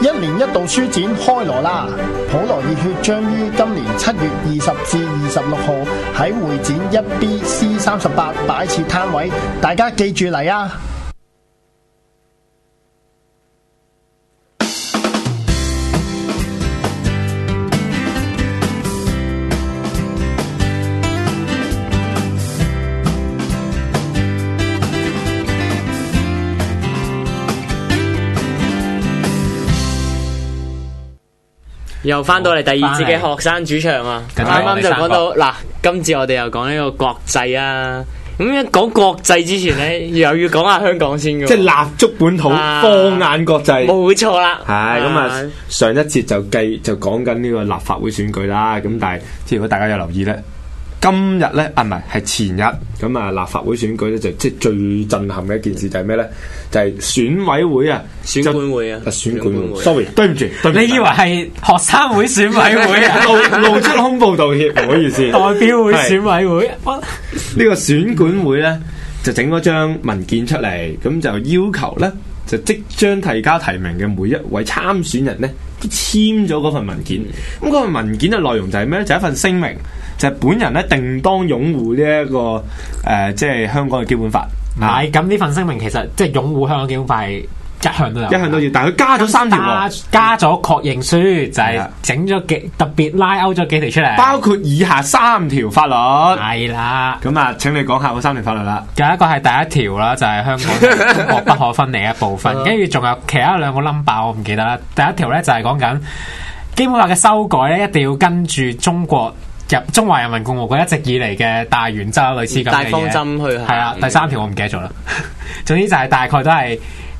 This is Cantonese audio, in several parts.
一年一度書展開鑼啦，普羅熱血將於今年七月二十至二十六號喺會展一 B C 三十八擺設攤位，大家記住嚟啊！又翻到嚟第二節嘅學生主場啊！啱啱 就講到嗱， 今次我哋又講呢個國際啊。咁樣講國際之前咧， 又要講下香港先嘅。即立足本土，放、啊、眼國際。冇錯啦。係咁啊！上一節就計就講緊呢個立法會選舉啦。咁但係，即如果大家有留意咧。今日呢，啊唔係，係前日咁啊、嗯！立法會選舉呢，就即係最震撼嘅一件事就係咩呢？就係、是、選委會啊，選管會啊，就啊選管會、啊。Sorry，對唔住，你以為係學生會選委會啊？ 露露出恐怖道歉，唔好意思。 代表會選委會，呢是 個選管會呢，就整咗張文件出嚟，咁就要求呢。就即將提交提名嘅每一位參選人呢，都簽咗嗰份文件。咁嗰份文件嘅內容就係咩呢？就是、一份聲明，就係、是、本人呢定當擁護呢、這、一個誒，即、呃、係、就是、香港嘅基本法。係、嗯。咁呢、哎、份聲明其實即係、就是、擁護香港基本法。一向都有，一向都要，但係佢加咗三條，加加咗確認書，嗯、就係整咗幾的特別拉勾咗幾條出嚟，包括以下三條法律，係啦的。咁啊，請你講下嗰三條法律啦。第一個係第一條啦，就係、是、香港同中國不可分離嘅一部分，跟住仲有其他兩個 number，我唔記得啦。第一條咧就係講緊基本法嘅修改咧，一定要跟住中國入中華人民共和國一直以嚟嘅大原則，類似咁嘅嘢、大方針去係啦。嗯、第三條我唔記得咗啦，總之就係大概都係。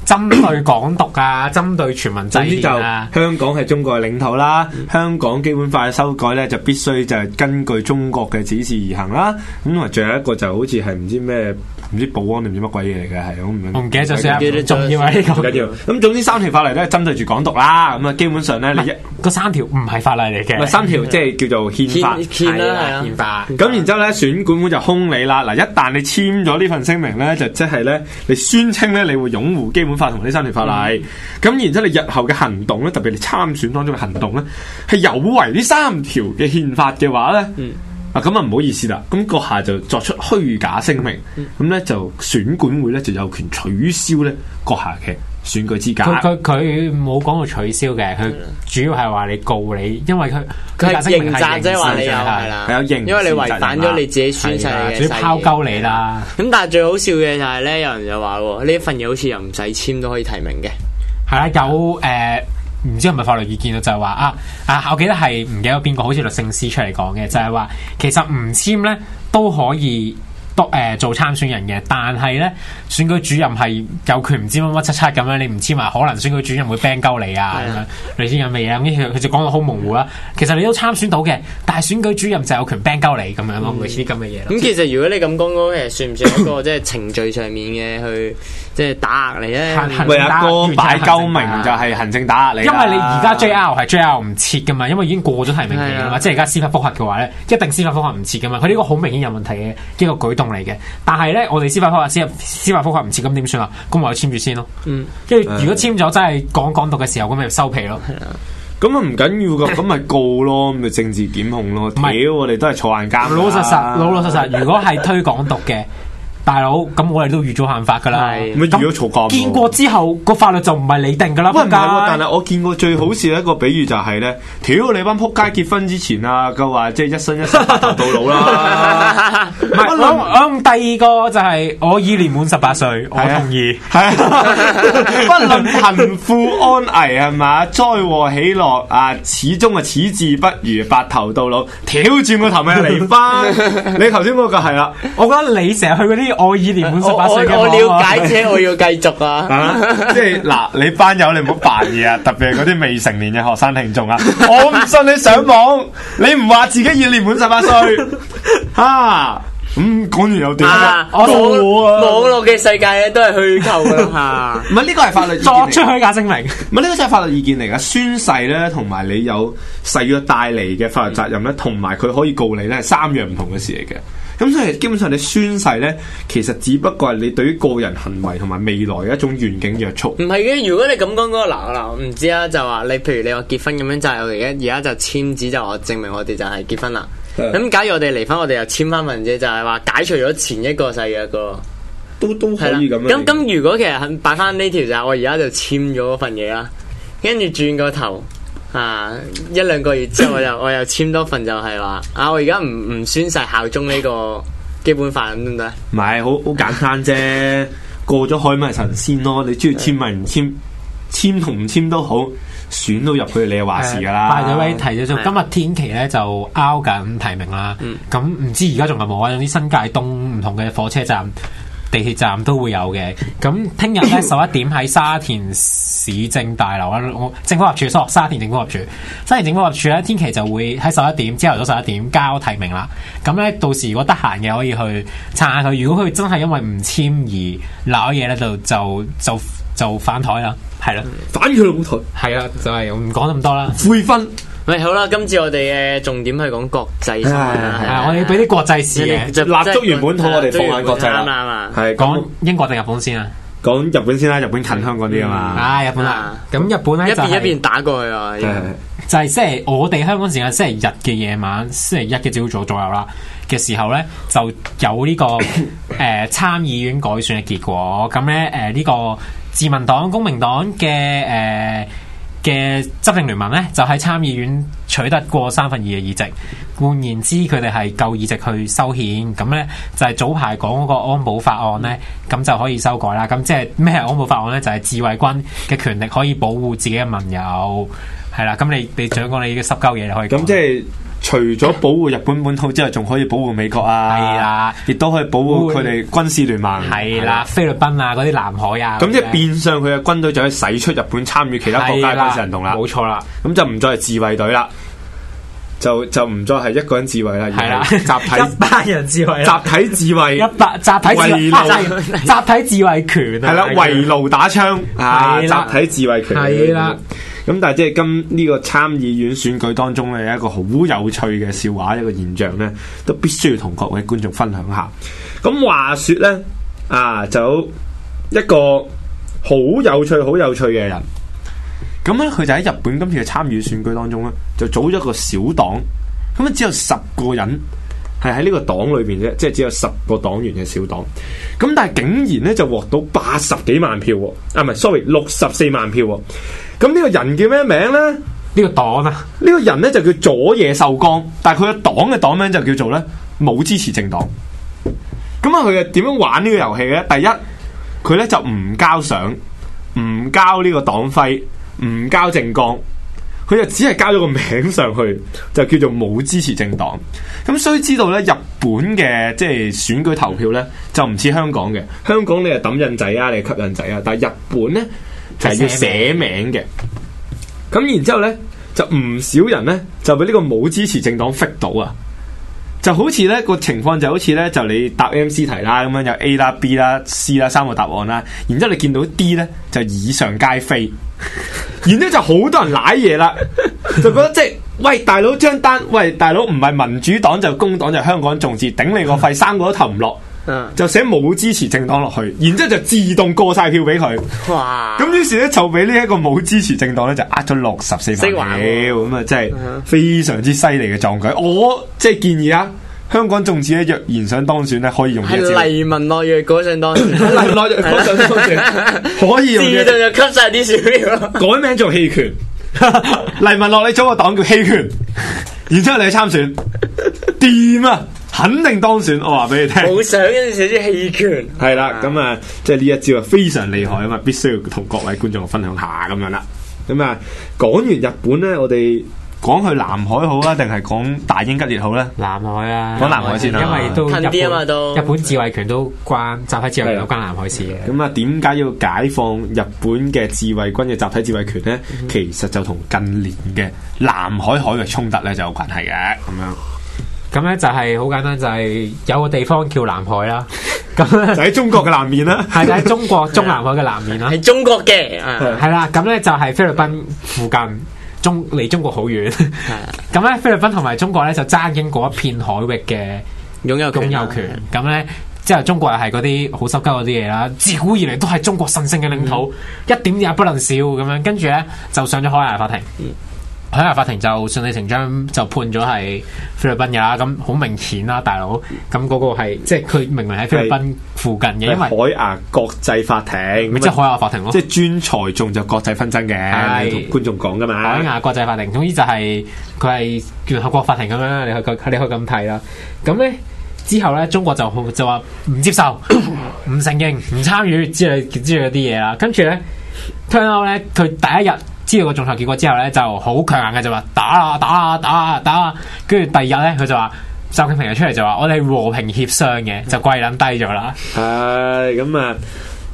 針對港獨啊，針對全民制憲啊，總之就香港係中國嘅領土啦。嗯、香港基本法嘅修改咧，就必須就係根據中國嘅指示而行啦。咁同仲有一個就好似係唔知咩唔知保安定唔知乜鬼嘢嚟嘅，係我唔記得咗先。唔緊要，唔緊要。咁總之三條法例都係針對住港獨啦。咁、嗯、啊，基本上咧嗱，嗰三條唔係法例嚟嘅，三條即係叫做憲法。憲，憲，啊、憲法。咁然之後咧，選管會就兇你啦。嗱，一旦你簽咗呢份聲明咧，就即係咧，你宣稱咧，你會擁護基本。法同埋呢三條法例，咁、嗯、然之後你日後嘅行動呢，特別你參選當中嘅行動呢，係有違呢三條嘅憲法嘅話呢，嗯、啊咁啊唔好意思啦，咁閣下就作出虛假聲明，咁呢、嗯、就選管會呢，就有權取消呢閣下嘅。選舉資格，佢佢冇講到取消嘅，佢主要係話你告你，因為佢佢係認罪啫，話你有係啦，的的有認，認，的因為你違反咗你自己選擇主要拋鳩你啦。咁但係最好笑嘅就係咧，有人就話呢一份嘢，好似又唔使簽都可以提名嘅，係啊，有誒，唔、呃、知係咪法律意見、就是、啊？就係話啊啊，我記得係唔記得有邊個，好似律政司出嚟講嘅，就係、是、話其實唔簽咧都可以。多、呃、做參選人嘅，但係咧選舉主任係有權唔知乜乜七七咁樣，你唔簽埋可能選舉主任會 ban 鳩你啊咁 樣，你知有咩嘢啊，咁佢就講到好模糊啦。其實你都參選到嘅，但係選舉主任就有權 ban 鳩你咁樣咯，啲咁嘅嘢。咁、嗯、其實如果你咁講，嗰、 嗰個算唔算一個即係程序上面嘅去？即係打壓你吖，行政打，擺鳩明就係行政打壓你。壓因為你而家 J R 係 J R 唔切嘅嘛，因為已經過咗提名期啦嘛。是啊、即係而家司法覆核嘅話咧，一定司法覆核唔切嘅嘛。佢呢個好明顯有問題嘅一個舉動嚟嘅。但係咧，我哋司法覆核司法司法覆核唔切咁點算啊？咁咪簽住先咯。即係、嗯、如果簽咗、嗯、真係講港獨嘅時候，咁咪收皮咯。係是啊，咁啊唔緊要噶，咁咪 告咯，咪政治檢控咯。唔係，我哋都係坐硬監老。老老實實，老老實實。如果係推港獨嘅。 大佬，咁我哋都預咗憲法噶啦，咪預咗坐監。見過之後，個法律就唔係你定噶啦，唔係。但係我見過最好笑一個比喻就係咧，屌你班仆街結婚之前啊，佢話即係一生一世白頭到老啦。係，我我第二個就係我已年滿十八歲，我同意。係不論貧富安危係嘛，災禍喜樂啊，始終啊，矢志不如白頭到老。挑戰個頭命係離婚？你頭先嗰個係啦，我覺得你成日去嗰啲。我已年滿十八歲，我了解啫，我要繼續啊！即係嗱，你班友你唔好扮嘢啊，特別係嗰啲未成年嘅學生聽眾啊！我唔信你上網，你唔話自己已年滿十八歲，吓咁講完又點啊？告我啊！網絡嘅世界咧都係虛構噶吓，唔係呢個係法律，作出虛假聲明，唔係呢個就係法律意見嚟噶，宣誓咧同埋你有誓約帶嚟嘅法律責任咧，同埋佢可以告你咧係三樣唔同嘅事嚟嘅。咁所以基本上你宣誓咧，其實只不過係你對於個人行為同埋未來嘅一種願景約束。唔係嘅，如果你咁講嗰個，嗱，嗱，我唔知啊，就話你譬如你我結婚咁樣，就係我哋而家而家就簽字，就我證明我哋就係結婚啦。咁假如我哋離婚，我哋又簽翻份嘢，就係話解除咗前一個世嘅個，都都可以咁。咁咁如果其實擺翻呢條就係我而家就簽咗嗰份嘢啦，跟住轉個頭。啊！一兩個月之後，我又我又簽多份，就係話啊！我而家唔唔宣誓效忠呢個基本法，咁得唔得？唔係好好簡單啫，過咗海咪神仙咯！你中意簽咪唔簽，簽同唔簽都好，選都入去你又話事噶啦。快咗威，提咗出今日天期咧就拗緊提名啦。咁唔知而家仲有冇啊？有啲新界東唔同嘅火車站。地鐵站都會有嘅，咁聽日咧十一點喺沙田市政大樓啊，政府 合署所，沙田政府合署，沙田政府合署咧，天琪就會喺十一點，朝頭早十一點交提名啦。咁咧到時如果得閒嘅可以去撐下佢，如果佢真係因為唔簽而攋嘢咧，就就就就台反台啦，係啦，反佢老台，係啦，就係唔講咁多啦，悔婚。喂，好啦，今次我哋嘅重點係講國際先啊，我哋俾啲國際事嘅，立足完本土，我哋放眼國際啦。啱啊，係講英國定日本先啊？講日本先啦，日本近香港啲啊嘛。係日本啊，咁日本咧就係一邊、一邊打過去啊。就係星期，我哋香港時間，星期日嘅夜晚，星期一嘅朝早左右啦嘅時候咧，就有呢個誒參議院改選嘅結果。咁咧誒呢個自民黨、公明黨嘅誒。嘅執政聯盟咧，就喺、是、參議院取得過三分二嘅議席，換言之，佢哋係夠議席去修憲。咁咧就係、是、早排講嗰個安保法案咧，咁就可以修改啦。咁即係咩係安保法案咧？就係自衛軍嘅權力可以保護自己嘅盟友，係啦。咁你你想講你嘅濕鳩嘢就可以咁即係。除咗保護日本本土之外，仲可以保護美國啊！係啦，亦都可以保護佢哋軍事聯盟。係啦，菲律賓啊，嗰啲南海啊。咁即係變相佢嘅軍隊就可以使出日本參與其他國家軍事行動啦。冇錯啦，咁就唔再係自衛隊啦，就就唔再係一個人自衛啦，而係，集體一班人自衛，集體自衛，一集集體自衛，集體自衛權係啦，圍爐打槍啊，集體自衛權係啦。咁但係即係今呢個參議院選舉當中咧，有一個好有趣嘅笑話，一個現象咧，都必須要同各位觀眾分享下。咁話說咧，啊就一個好有趣、好有趣嘅人，咁咧佢就喺日本今次嘅參議院選舉當中咧，就組咗一個小黨，咁咧只有十個人係喺呢個黨裏邊啫，即係只有十個黨員嘅小黨。咁但係竟然咧就獲到八十幾萬票喎、哦，啊唔係，sorry，六十四萬票喎、哦。咁呢個人叫咩名呢？呢、這個黨啊，呢、這個人呢，就叫佐野秀光，但係佢嘅黨嘅黨名就叫做呢「冇支持政黨」。咁、嗯、啊，佢又點樣玩呢個遊戲呢？第一，佢呢就唔交相，唔交呢個黨費，唔交政綱，佢就只係交咗個名上去，就叫做冇支持政黨。咁、嗯、需知道呢日本嘅即係選舉投票呢，就唔似香港嘅。香港你係抌印仔啊，你係吸引仔啊，但係日本呢。就係要寫名嘅，咁然之後呢就唔少人呢，就俾呢個冇支持政黨 fit 到啊，就好似呢、呢個情況就好似呢，就你答 MC 題啦咁樣，就 A 啦 B 啦 C 啦三個答案啦，然之後你見到 D 呢，就以上皆非，然之後就好多人舐嘢啦， 就覺得即係喂大佬張單，喂大佬唔係民主黨就工黨就是、香港眾志頂你個肺，三個都投唔落。就寫冇支持政黨落去，然之後就自動過晒票俾佢。哇！咁於是咧就俾呢一、這個冇支持政黨咧就呃咗六十四萬票，啊，咁啊真係非常之犀利嘅壯舉。我即係建議啊，香港眾志咧若然想當選咧，可以用黎文樂嘅個性當選。 黎文樂嘅個性當選，可以用嘅 就吸晒啲小料，改 名做棄權。 黎文樂，你組個黨叫棄權，然之後你參選，掂 啊！肯定當選，我話俾你聽。好想，於啲棄權。係啦、啊，咁啊，即係呢一招啊，非常厲害啊嘛，必須要同各位觀眾分享下咁樣啦。咁啊，講完日本咧，我哋講去南海好啊，定係講大英吉列好咧？南海啊，講南海先，因為都近啲啊嘛，都日本自衛權都關集體自衛權有關南海事嘅是的。咁啊，點解要解放日本嘅自衛軍嘅集體自衛權咧？嗯、哼 其實就同近年嘅南海海嘅衝突咧就有關係嘅，咁樣。咁咧就係好簡單，就係有個地方叫南海啦。咁咧就喺中國嘅南面啦，係就喺中國中南海嘅南面啦，係中國嘅，係啦。咁咧就係菲律賓附近，中離中國好遠。咁咧菲律賓同埋中國咧就爭緊嗰一片海域嘅擁有主權。咁咧之後中國又係嗰啲好濕鳩嗰啲嘢啦，自古以嚟都係中國神聖嘅領土，一點也不能少。咁樣跟住咧就上咗海牙法庭。海牙法庭就順理成章就判咗係菲律賓嘅啦，咁好明顯啦，大佬，咁嗰個係即係佢明明喺菲律賓附近嘅，因為海牙國際法庭，即係海牙法庭咯，即係專裁仲就國際紛爭嘅，同是觀眾講嘅嘛。海牙國際法庭，總之就係佢係聯合國法庭咁樣，你去，你可以咁睇啦。咁咧之後咧，中國就就話唔接受、唔承認、唔 參與之類之類啲嘢啦，跟住咧，turn out 咧，佢第一日。知道個仲裁結果之後咧，就好強硬嘅就話打啊打啊打啊打啊，跟住第二日咧，佢就話習近平出嚟就話我哋和平協商嘅，就跪諗低咗啦。係咁啊，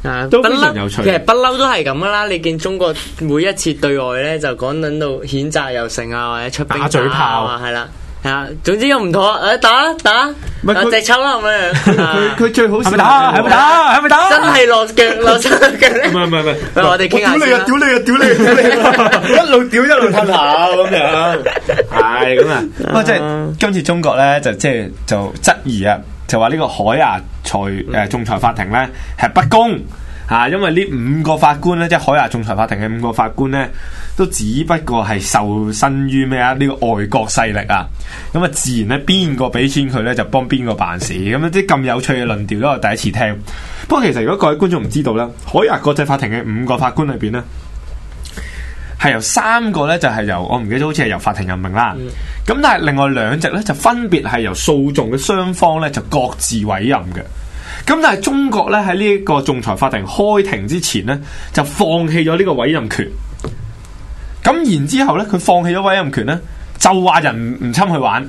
啊，啊都非常有趣。其實不嬲都係咁噶啦，你見中國每一次對外咧就講到譴責又成啊，或者出打，打嘴炮係啦。係總之又唔妥，誒打打，咪直抽啦咁樣？佢佢最好係咪打？係咪打？係咪打？真係落腳落抽腳。唔係唔係唔係，我哋傾下屌你啊！屌你啊！屌你！一路屌一路噴下咁樣，係咁啊！不過，即係今次中國咧，就即係就質疑啊，就話呢個海牙裁誒仲裁法庭咧係不公吓，因為呢五個法官咧，即係海牙仲裁法庭嘅五個法官咧。都只不過係受身於咩啊？呢、這個外國勢力啊，咁啊，自然咧，邊個俾錢佢咧，就幫邊個辦事。咁啊，啲咁有趣嘅論調都係第一次聽。不過其實如果各位觀眾唔知道咧，海牙國際法庭嘅五個法官裏邊呢，係由三個咧就係、是、由我唔記得好似係由法庭任命啦。咁但係另外兩席咧就分別係由訴訟嘅雙方咧就各自委任嘅。咁但係中國咧喺呢一個仲裁法庭開庭之前咧就放棄咗呢個委任權。咁然之後咧，佢放棄咗委任權咧，就話人唔侵佢玩，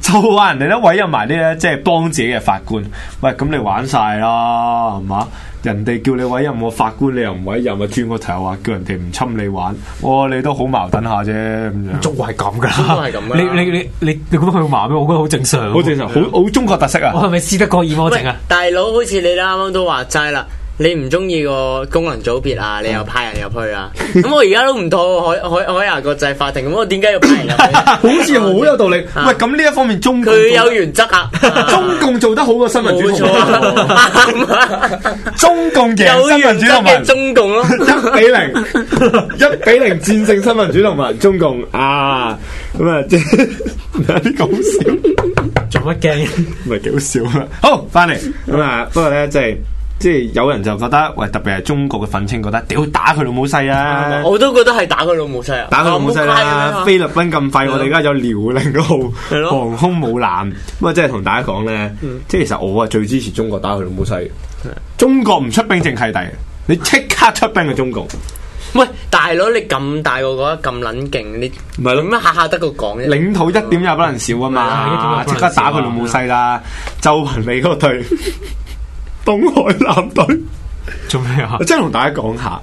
就話人哋咧委任埋啲咧，即係幫自己嘅法官。喂，咁你玩晒啦，係嘛？人哋叫你委任我法官，你又唔委任，咪轉個頭話叫人哋唔侵你玩。哇，你都好矛盾下啫，咁樣。仲係咁噶，仲係咁。你你你你你覺得佢矛盾？我覺得好正常，好正常，好好中國特色啊！我係咪斯德哥爾摩症啊？大佬，好似你啱啱都話齋啦。你唔中意個功能組別啊？你又派人入去啊？咁、嗯、 我而家都唔到海海海牙國際法庭，咁我點解要派人入去、啊？ 好似好有道理。 喂，咁呢一方面中共佢有原則啊！ 中共做得好過新聞主動。冇錯、啊、 中共贏新聞主動，係中共咯、啊，一比零，一比零戰勝新聞主動物，中共啊！咁啊，即係有啲搞笑，做乜驚？唔係幾好笑啊！好，翻嚟，咁啊，不過咧即係。就是即係有人就覺得喂，特別係中國嘅憤青覺得屌打佢老母西啊！我都覺得係打佢老母西啊！打佢老母西啦！菲律賓咁廢，我哋而家有遼寧號航空母艦，咁啊，即係同大家講咧，即係其實我啊最支持中國打佢老母西。中國唔出兵就契弟，你即刻出兵嘅中國。喂，大佬你咁大個得咁卵勁，你唔係咯？咩下下得個講啫？領土一點也不能少啊嘛！即刻打佢老母西啦！就憑你嗰隊。東海艦隊 做咩啊？即係同大家講下，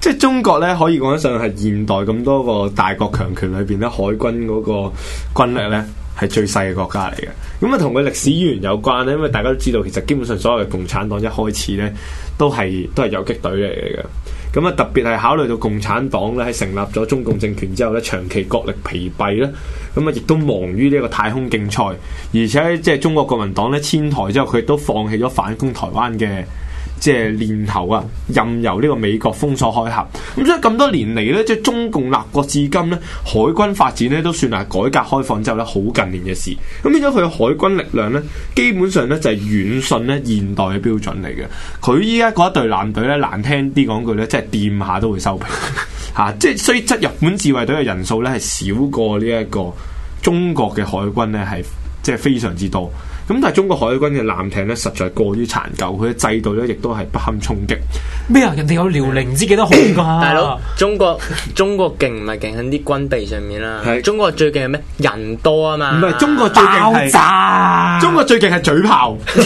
即係中國咧可以講得上係現代咁多個大國強權裏邊咧海軍嗰個軍力咧。係最細嘅國家嚟嘅，咁啊同佢歷史淵源有關咧，因為大家都知道，其實基本上所有嘅共產黨一開始咧，都係都係游擊隊嚟嘅。咁啊，特別係考慮到共產黨咧喺成立咗中共政權之後咧，長期國力疲弊啦，咁啊亦都忙於呢一個太空競賽，而且即係中國國民黨咧遷台之後，佢亦都放棄咗反攻台灣嘅。即係年頭啊，任由呢個美國封鎖海峽。咁所以咁多年嚟呢，即係中共立國至今呢，海軍發展呢都算係改革開放之後呢好近年嘅事。咁變咗佢嘅海軍力量呢，基本上呢就係遠遜咧現代嘅標準嚟嘅。佢依家嗰一隊艦隊呢，難聽啲講句呢，即係掂下都會收皮。嚇、 啊。即係雖則日本自衛隊嘅人數呢係少過呢一個中國嘅海軍呢，係即係非常之多。咁但係中國海軍嘅艦艇咧實在過於殘舊，佢嘅制度咧亦都係不堪衝擊。咩啊？人哋有遼寧知幾多好噶、啊， 大佬中國中國勁唔係勁喺啲軍備上面、啊、啦是。中國最勁係咩？人多啊嘛。唔係中國最勁係中國最勁係嘴炮，即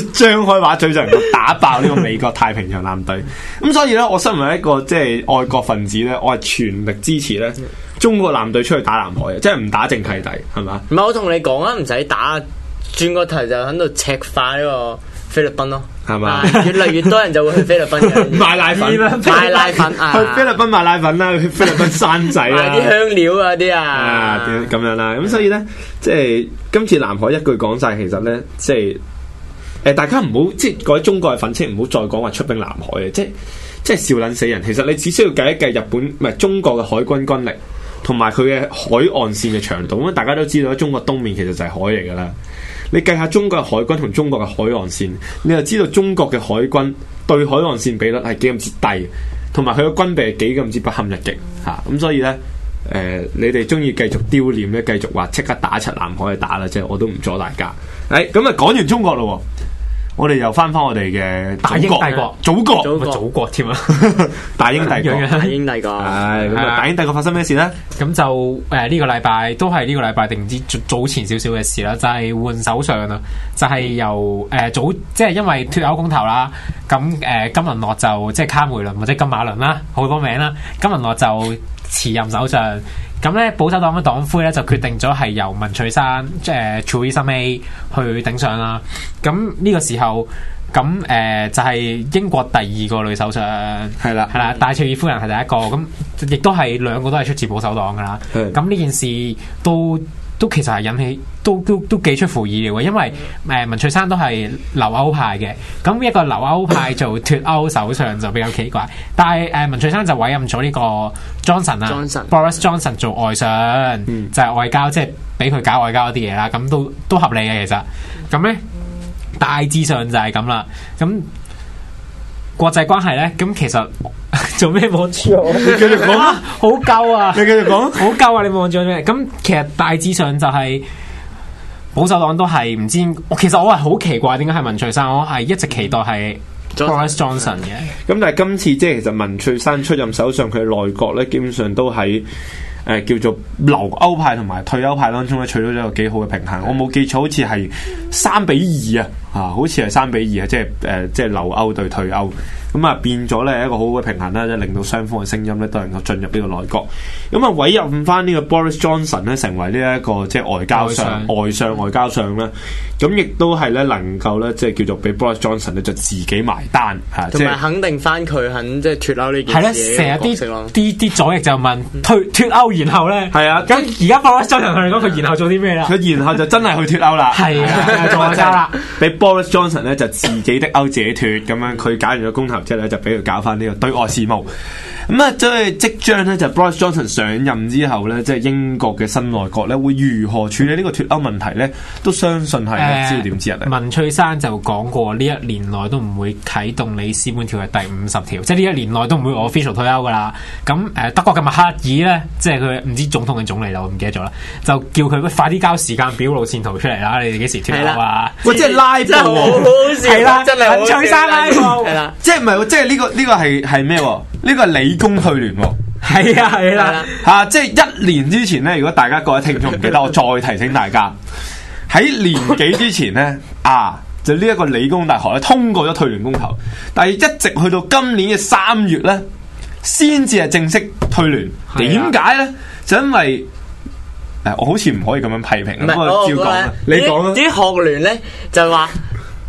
係張開話嘴就能夠打爆呢個美國太平洋艦隊。咁 所以咧，我身為一個即係愛國分子咧，我係全力支持咧。 中國艦隊出去打南海，即係唔打淨契弟，係嘛？唔係我同你講啊，唔使打，轉個頭就喺度赤化呢個菲律賓咯，係嘛吧、啊？越嚟越多人就會去菲律賓 買奶粉，買奶粉、啊、去菲律賓買奶粉啦、啊，去菲律賓生仔啊，啲香料啊啲啊，咁、啊、樣啦。咁所以咧， 即係今次南海一句講晒，其實咧，即係誒、呃，大家唔好即係各位中國嘅憤青，唔好再講話出兵南海啊！即係即係笑撚死人。其實你只需要計一計日本唔係中國嘅海軍軍力。同埋佢嘅海岸線嘅長度，咁大家都知道中國東面其實就係海嚟噶啦。你計下中國嘅海軍同中國嘅海岸線，你就知道中國嘅海軍對海岸線比率係幾咁之低，同埋佢嘅軍備係幾咁之不堪一擊吓。咁所以呢，誒，你哋中意繼續丟臉咧，繼續話即刻打出南海去打啦，即係我都唔阻大家。誒，咁啊，講完中國咯。我哋又翻翻我哋嘅大英帝國，祖國，祖國添啊！ 大英帝國， 大英帝國，係 大英帝國發生咩事咧？咁、嗯、就誒呢、呃這個禮拜都係呢個禮拜定唔知早前少少嘅事啦，就係、是、換首相啊！就係、是、由誒、呃、早即係因為脫歐公投啦，咁誒、呃、金文樂，就即係卡梅倫或者金馬倫啦，好多名啦，金文樂就辭任首相。咁咧，保守黨嘅黨魁咧就決定咗係由文翠珊，即係 c h e A 去頂上啦。咁呢個時候，咁誒、呃、就係、是、英國第二個女首相，係啦的，係啦的，戴翠爾夫人係第一個。咁亦都係兩個都係出自保守黨噶啦。咁呢的件事都。都其實係引起都都都幾出乎意料嘅，因為誒、mm. 呃、文翠珊都係留歐派嘅，咁一個留歐派做脫歐首相就比較奇怪，但係誒、呃、文翠珊就委任咗呢個 Johnson, Johnson 啊，Boris Johnson 做外相，mm. 就係外交，即係俾佢搞外交啲嘢啦，咁都都合理嘅其實，咁咧、mm. 大致上就係咁啦，咁國際關係咧，咁其實。做咩望住我？ 你繼續講啊！好鳩啊！ 啊！你繼續講，好鳩啊！你望住咩？咁其實大致上就係保守黨都係唔知，我其實我係好奇怪，點解係文翠珊？我係一直期待係 Boris Johnson 嘅。咁、 嗯、但係今次即係其實文翠珊出任首相，佢內閣咧，基本上都喺誒、呃、叫做留歐派同埋退歐派當中咧，取得咗個幾好嘅平衡。 我冇記錯，好似係三比二啊，啊，好似係三比二啊，就是，即係誒，即、就、係、是、留歐對退歐。咁啊，變咗咧一個好好嘅平衡啦，即係令到雙方嘅聲音咧都能夠進入呢個內閣。咁啊，委任翻呢個 Boris Johnson 咧成為呢一個即係外交上外相、外相外交上咧。咁亦都係咧，能夠咧，即係叫做俾 Boris Johnson 咧，就自己埋單吓，同埋肯定翻佢肯即係脫歐呢件事嘅成日咯。啲啲的色左翼就問，脱脫歐然後咧？係啊的，咁而家 Boris Johnson 佢嚟講，佢然後做啲咩啦？佢然後就真係去脫歐啦，係啊， 做咗啦。俾 Boris Johnson 咧，就自己的歐自己脱，咁樣佢搞完咗公投之後咧，就俾佢搞翻呢個對外事務。咁啊，即係即將咧，就是、Boris Johnson 上任之後咧，即、就、係、是、英國嘅新內閣咧，會如何處理呢個脱歐問題咧？都相信係知道點知啦、呃。文翠珊就講過，呢一年內都唔會啟動里斯本條約第五十條，即係呢一年內都唔會我 official 脫歐噶啦。咁誒、呃，德國嘅默克爾咧，即係佢唔知總統嘅總理啦，我唔記得咗啦，就叫佢快啲交時間表路線圖出嚟、啊、啦。你哋幾時脫歐啊？喂、嗯，即係拉布，好笑，係 啦，文翠珊拉布，啦， 即係唔係？即係呢個呢個係係咩？ 呢個係理工退聯，係啊係啦吓，即係一年之前呢，如果大家各位聽眾唔記得，我再提醒大家，喺年幾之前呢， 啊，就呢一個理工大學咧通過咗退聯公投，但係一直去到今年嘅三月呢，先至係正式退聯。點解呢？就因為誒，我好似唔可以咁樣批評啊，唔，照講，你講啊啲學聯呢，就話。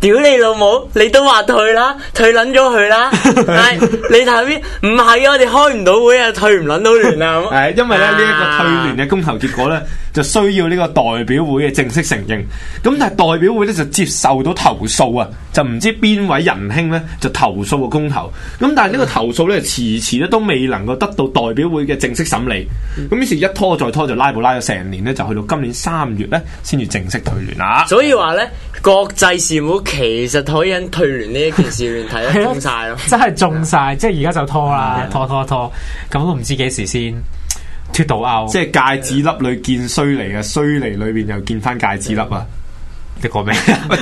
屌你老母，你都話退啦，退捻咗佢啦。係 你睇邊，唔係啊，我哋開唔到會啊，退唔捻到聯啊。 因為咧呢一個退聯嘅公投結果呢，就需要呢個代表會嘅正式承認。咁但係代表會呢，就接受到投訴啊，就唔知邊位仁兄呢，就投訴個公投。咁但係呢個投訴呢，遲遲咧都未能夠得到代表會嘅正式審理。咁於是，一拖再拖就拉布拉咗成年呢，就去到今年三月呢，先至正式退聯啊。所以話呢。國際事務其實可以因退聯呢一件事亂睇，都中晒咯，真係中晒，即係而家就拖啦，拖拖拖，咁都唔知幾時先脱到 out。即係戒指粒裏見衰離啊，衰離裏邊又見翻戒指粒啊！你講咩？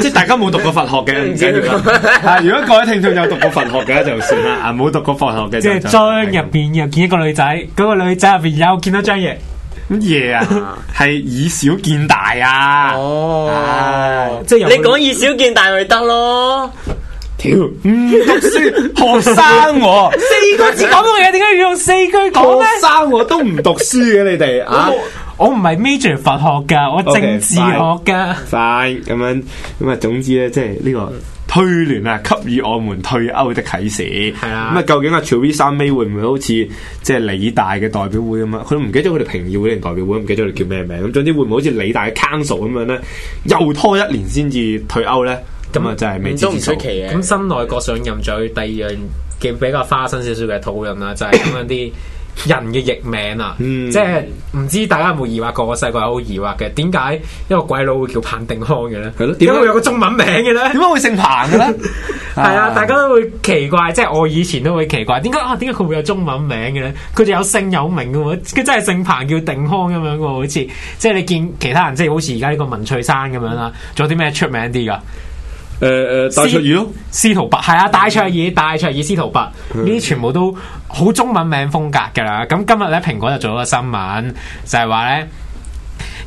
即係大家冇讀過佛學嘅唔知點講啊。如果各位聽眾有讀過佛學嘅就算啦，啊冇讀過佛學嘅即係樽入邊又見一個女仔，嗰個女仔入邊有幾多樽嘢？乜嘢啊？係 以小見大啊！哦、oh, 啊，即係你講以小見大咪得咯？條唔、嗯、讀書 學生， 四個字講到嘢，點解要用四句講咧？學生我都唔讀書嘅，你哋啊！我唔係 major 佛學噶，我政治學噶。晒咁、okay, 樣咁啊！總之咧，即係呢個。去年啊，給予我們退歐的啟示。係啊的，咁啊，究竟阿 c h v 三尾會唔會好似即係理大嘅代表會咁啊？佢唔記得佢哋評議會定代表會，唔記得佢哋叫咩名。咁總之會唔會好似李大嘅 Council 咁樣咧？又拖一年先至退歐咧？咁啊、嗯，真係、嗯、未知數。咁新內閣上任咗，第二樣嘅比較花心少少嘅討論啊，就係咁樣啲。 人嘅譯名啊，嗯，即係唔知大家有冇疑惑過？我細個有好疑惑嘅，點解一個鬼佬會叫彭定康嘅咧？點解會有個中文名嘅咧？點解會姓彭嘅咧？係啊，大家都會奇怪，即係我以前都會奇怪，點解啊？點解佢會有中文名嘅咧？佢哋有姓有名嘅喎，佢真係姓彭叫定康咁樣喎，好似即係你見其他人即係好似而家呢個文翠珊咁樣啦，仲有啲咩出名啲噶？誒誒，戴、呃、卓爾咯，司徒拔係啊，戴卓爾，戴卓爾，司徒拔，呢啲 全部都好中文名風格噶啦。咁今日咧，蘋果就做咗個新聞，就係話咧，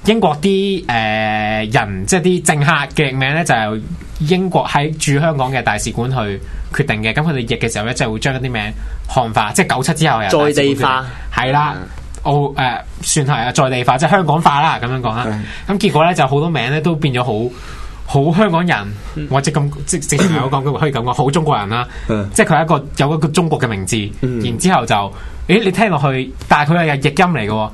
英國啲誒、呃、人，即係啲政客嘅名咧，就係、是、英國喺駐香港嘅大使館去決定嘅。咁佢哋譯嘅時候咧，就會將一啲名漢化，即係九七之後又在地化，係啦，澳誒、嗯哦呃、算係啊，在地化即係、就是、香港化啦，咁樣講啦。咁結果咧，就好多名咧都變咗好。好香港人，或者咁即係我講句可以咁講，好中國人啦， 即係佢係一個有一個中國嘅名字， 然之後就誒，你聽落去，但係佢係有譯音嚟嘅，咁、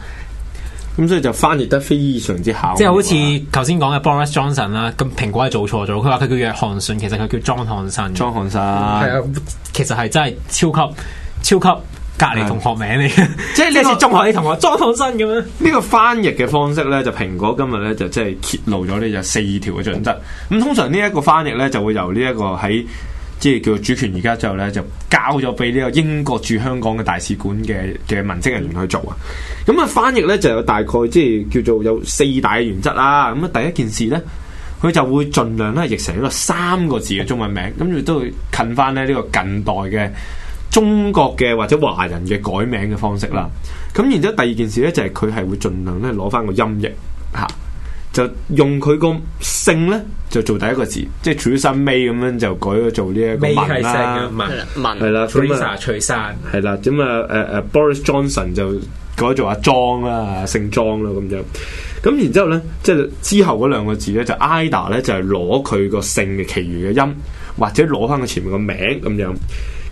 嗯、所以就翻譯得非常之巧。即係好似頭先講嘅 Boris Johnson 啦、嗯，咁蘋果係做錯咗，佢話佢叫約翰遜，其實佢叫莊漢臣，莊漢生係啊，嗯、其實係真係超級超級。超級隔籬同學名嚟嘅，即係你次中學啲同學裝放新咁樣。呢個翻譯嘅方式咧，就蘋果今日咧就即係揭露咗呢就四條嘅準則。咁通常呢一個翻譯咧，就會由呢一個喺即係叫主權而家之後咧，就交咗俾呢個英國駐香港嘅大使館嘅嘅文職人員去做啊。咁啊翻譯咧就有大概即係叫做有四大嘅原則啦。咁啊第一件事咧，佢就會盡量咧譯成咗三個字嘅中文名，跟住都會近翻咧呢個近代嘅。中國嘅或者華人嘅改名嘅方式啦，咁然之後第二件事咧就係佢係會盡量咧攞翻個音譯嚇，就用佢個姓咧就做第一個字，即係 Theresa May 咁樣就改咗做呢一個文啦文文係啦取「r e 生係啦，咁啊誒誒 Boris Johnson 就改咗做阿莊啦，姓莊啦咁樣。咁然之後咧，即係之後嗰兩個字咧就 Ida 咧就係攞佢個姓嘅其餘嘅音，或者攞翻佢前面個名咁樣。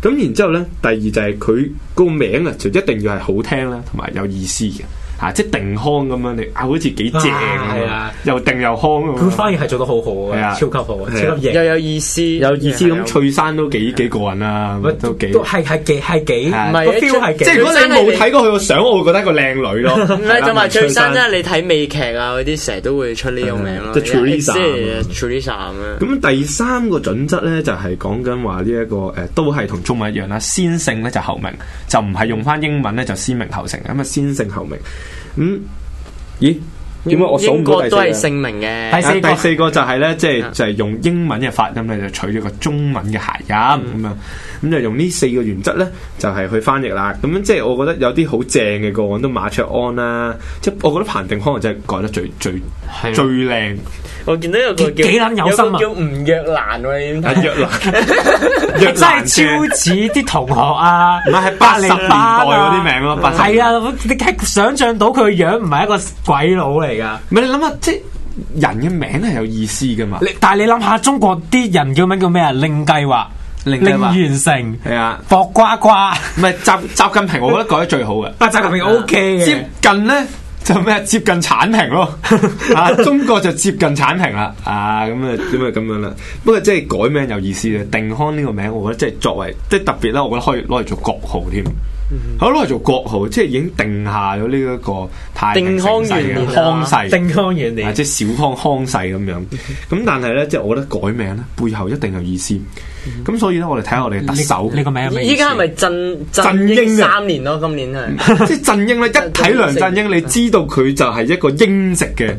咁然之後呢，第二就係佢個名啊，就一定要係好聽啦，同埋有意思嘅。啊！即定康咁樣你啊，好似幾正咁啊！又定又康咁。佢反而係做得好好，超級好，超級型，又有意思，有意思咁。翠珊都幾幾過癮啊！都幾都係係幾係幾唔係？個 feel 係即係如果你冇睇過佢個相，我會覺得一個靚女咯。唔係，就埋翠珊啦！你睇美劇啊嗰啲，成日都會出呢個名咯，即係 Teresa 咁樣。咁第三個準則咧，就係講緊話呢一個誒，都係同中文一樣啦。先姓咧就後名，就唔係用翻英文咧就先名後姓。咁啊先姓後名。嗯，咦，點解我數唔到都係姓名嘅。第四個就係呢，即係、嗯、就係用英文嘅發音咧，就取咗個中文嘅諧音咁樣，咁就用呢四個原則呢，就係、是、去翻譯啦。咁樣即係我覺得有啲好正嘅個案，案都馬卓安啦、啊，即、就、係、是、我覺得彭定康真係改得最最的最靚。我見到有個，幾撚有心啊，有個叫吳若蘭喎，若蘭，你 蘭 真係超似啲同學啊！唔係八十年代嗰啲名咯，啊，係 啊，啊！你想象到佢個樣唔係一個鬼佬嚟噶？唔係你諗下，即人嘅名係有意思噶嘛？但係你諗下，中國啲人的名叫咩叫咩啊？令計劃、令完成係啊，薄瓜瓜，唔係習習近平，我覺得改得最好嘅。但習 近平 O K 嘅，接近咧。就咩接近鏟平咯， 啊中國就接近鏟平啦，啊咁啊咁啊咁樣啦。不過即係改名有意思咧，定康呢個名，我覺得即係作為即係、就是、特別啦，我覺得可以攞嚟做國號添，好攞嚟做國號，即係已經定下咗呢一個泰康康世，定康元年，定即係小康康世咁樣。咁、嗯、哼但係咧，即、就、係、是、我覺得改名咧背後一定有意思。咁 所以咧，我哋睇下我哋嘅特首，呢個名依家係咪振振英三年咯？今年係即係振英咧，一睇梁振英，你知道佢就係一個英式嘅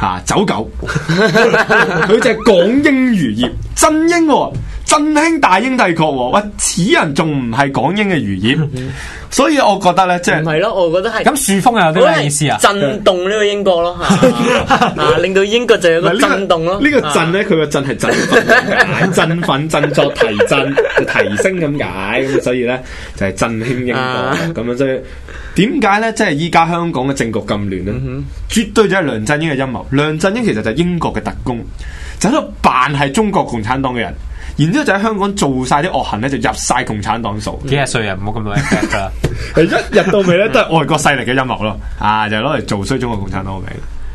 吓走狗，佢 就係港英餘孽，振英、哦。振興大英帝國，喂！此人仲唔係港英嘅餘孽？嗯、所以我覺得咧，即係唔係咯。我覺得係咁，樹峰又有啲咩意思啊？震動呢個英國咯，吓嗱、 啊啊，令到英國就有一個震動咯。這個這個、呢個震咧，佢個震係震動解，振奮、 振作、提振、提升咁解。咁所以咧，就係、是、振興英國咁 樣。所以點解咧，即係依家香港嘅政局咁亂咧？ 絕對就係梁振英嘅陰謀。梁振英其實就係英國嘅特工，就喺度扮係中國共產黨嘅人。然之後就喺香港做晒啲惡行咧，就入晒共產黨數。幾廿歲人唔好咁耐噶。係 一日到尾咧，都係外國勢力嘅音樂咯。 啊，就攞、是、嚟做衰中國共產黨嘅名。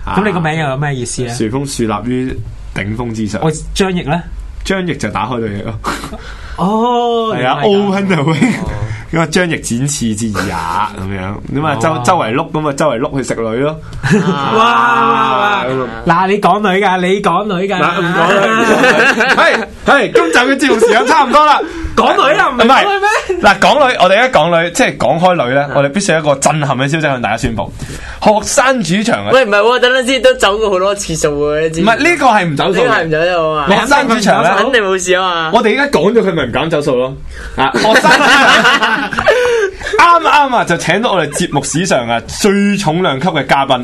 咁、啊、你個名又有咩意思啊？樹峰樹立於頂峰之上。喂，張譯咧。張翼就打開對翼咯，哦、oh, 啊，係啊，Open the wing 咁，啊張翼展翅至也咁樣，咁啊周圍周圍碌咁，啊周圍碌去食女咯，ah, 哇，嗱你講女噶，你講女噶，唔講啦，係係、 hey, hey, 今集嘅節目時間差唔多啦。港女啊，唔係咩？嗱， 港女，我哋而家港女，即係講開女咧， 我哋必須一個震撼嘅消息向大家宣布，學生主場啊！喂，唔係喎，等陣先都走過好多次數喎，唔係呢個係唔走數，係唔走數啊學生主場咧，肯定冇事啊嘛！我哋而家講咗佢，咪唔敢走數咯啊！啱啊，啱啊，就請到我哋節目史上啊最重量級嘅嘉賓，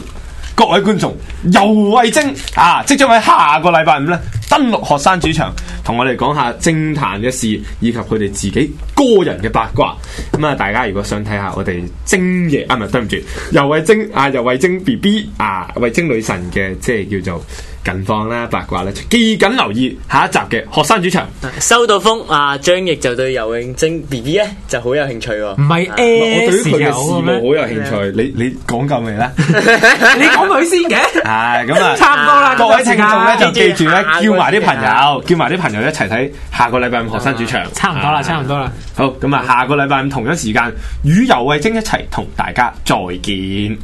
各位觀眾，游蕙禎啊，即將喺下個禮拜五咧登陸學生主場。同我哋講下政壇嘅事，以及佢哋自己個人嘅八卦。咁啊，大家如果想睇下我哋精爺啊，唔係對唔住，游蕙禎啊，游蕙禎 B B 啊，蕙禎女神嘅，即係叫做。近況啦，八卦啦，記緊留意下一集嘅學生主場。收到風，阿張翼就對游蕙禎 B B 咧就好有興趣。唔係誒，我對於佢嘅事務好有興趣。你你講夠未咧？你講佢先嘅。係咁啊，差唔多啦。各位聽眾，就記住咧，叫埋啲朋友，叫埋啲朋友一齊睇下個禮拜五學生主場。差唔多啦，差唔多啦。好，咁啊，下個禮拜五同一時間與游蕙禎一齊同大家再見。